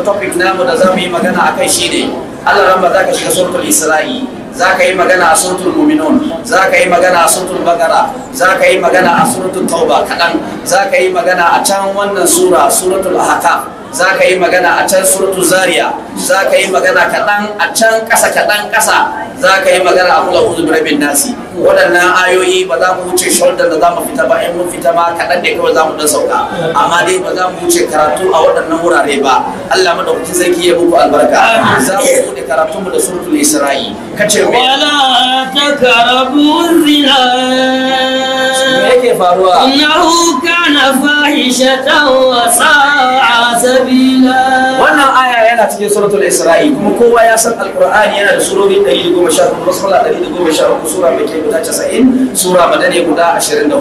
topic namu da za mu yi magana a kai shine Allah ramba za ka shiga suratul Isra'i za ka yi magana a suratul Muminun za ka yi magana a suratul bagara za ka yi magana a suratul Tauba kaɗan za ka yi magana a can wannan sura suratul Ahqaf za ka yi magana a can surtu zaria za ka yi magana kaɗan a can ƙasa kaɗan ƙasa za ka yi magana a kula hudu rabin nasi waɗannan ayoyi ba za mu wuce shoulder da za mu fita ba in mun fita ma kaɗan da kawai za mu dan sauka amma dai ba za mu wuce karatu a waɗannan wurare ba Allah madaukakin sarki ya muku albarka za mu buɗe karatu mu da surtul isra'i kace wala takarabun yake faruwa innahu kana fahishatan wa sa'a sabila wannan aya yana cikin suratul isra'i kuma kowa ya san alqur'ani yana da surori 114 sura 113 sura mai ke guda 90 sura madaniya guda 24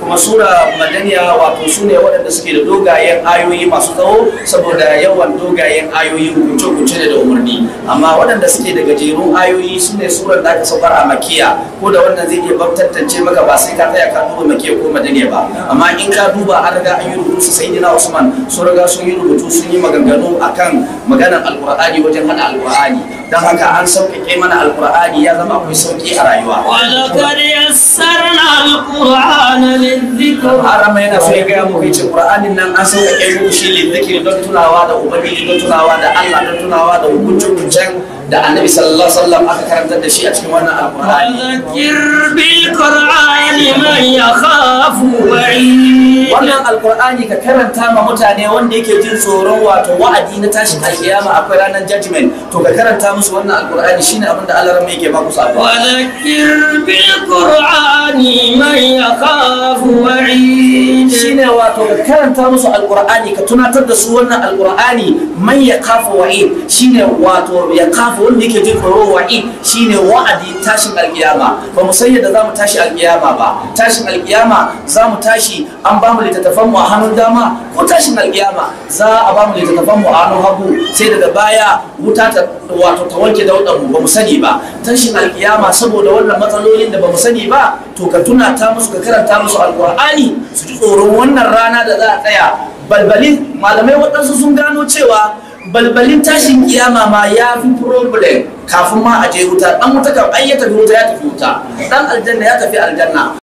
kuma sura madaniya wato sune waɗanda suke da dogayen ayoyi masu tsawo saboda yawan dogayen ayoyi hukunce-hukunce da umarni amma waɗanda suke da gajerun ayoyi sune surar da aka saukar a makiya ko da wannan zai iya tantance maka ba sai ka tsaya ka duba Ko ya da ne ba amma in ka duba an riga an yi rubutu sai dina usman sun riga sun yi rubutu sun yi maganganu akan maganar alqur'ani wajen hada alqur'ani don haka an sauƙaƙe mana alƙur'ani ya zama akwai sauƙi a rayuwa har ma yana so gaya mu ce ƙur'anin nan an sauƙaƙe mu shi ne don tunawa da ubangiji don tunawa da Allah don tunawa da hukuncin hukuncen da annabi sallallahu alaihi wasallam aka karanta da shi a cikin wannan alƙur'ani wannan alkur'ani ka karanta ma mutane wanda yake jin tsoron wato wa'adi na tashin alkiyama akwai ranar judgment to ka karanta musu wannan alkur'ani shine abin da Allah mai yake ba ku sabo wa zakir bil qur'ani man yakhaf wato ka karanta musu alkur'ani ka tunatar da su wannan alkur'ani man ya kafa wa'id shine wato ya kafa wanda yake jin tsoro wa'id shine wa'adi tashin alkiyama ba mu san yadda zamu tashi alkiyama ba tashin alkiyama zamu tashi an ba mu littattafan mu a hannun dama ko tashin alkiyama za a ba mu littattafan mu a hannun hagu sai daga baya wuta ta wato ta wanke da mu ba mu sani ba tashin alkiyama saboda wannan matsalolin da ba mu sani ba to ka tuna ta musu ka karanta musu alkur'ani su ji tsoron wannan rana da za a tsaya balbalin malamai waɗansu sun gano cewa balbalin tashin kiyama ma ya fi problem kafin ma a je wuta ɗan wuta kan ayyata ya tafi wuta ya tafi wuta ɗan aljanna ya tafi aljanna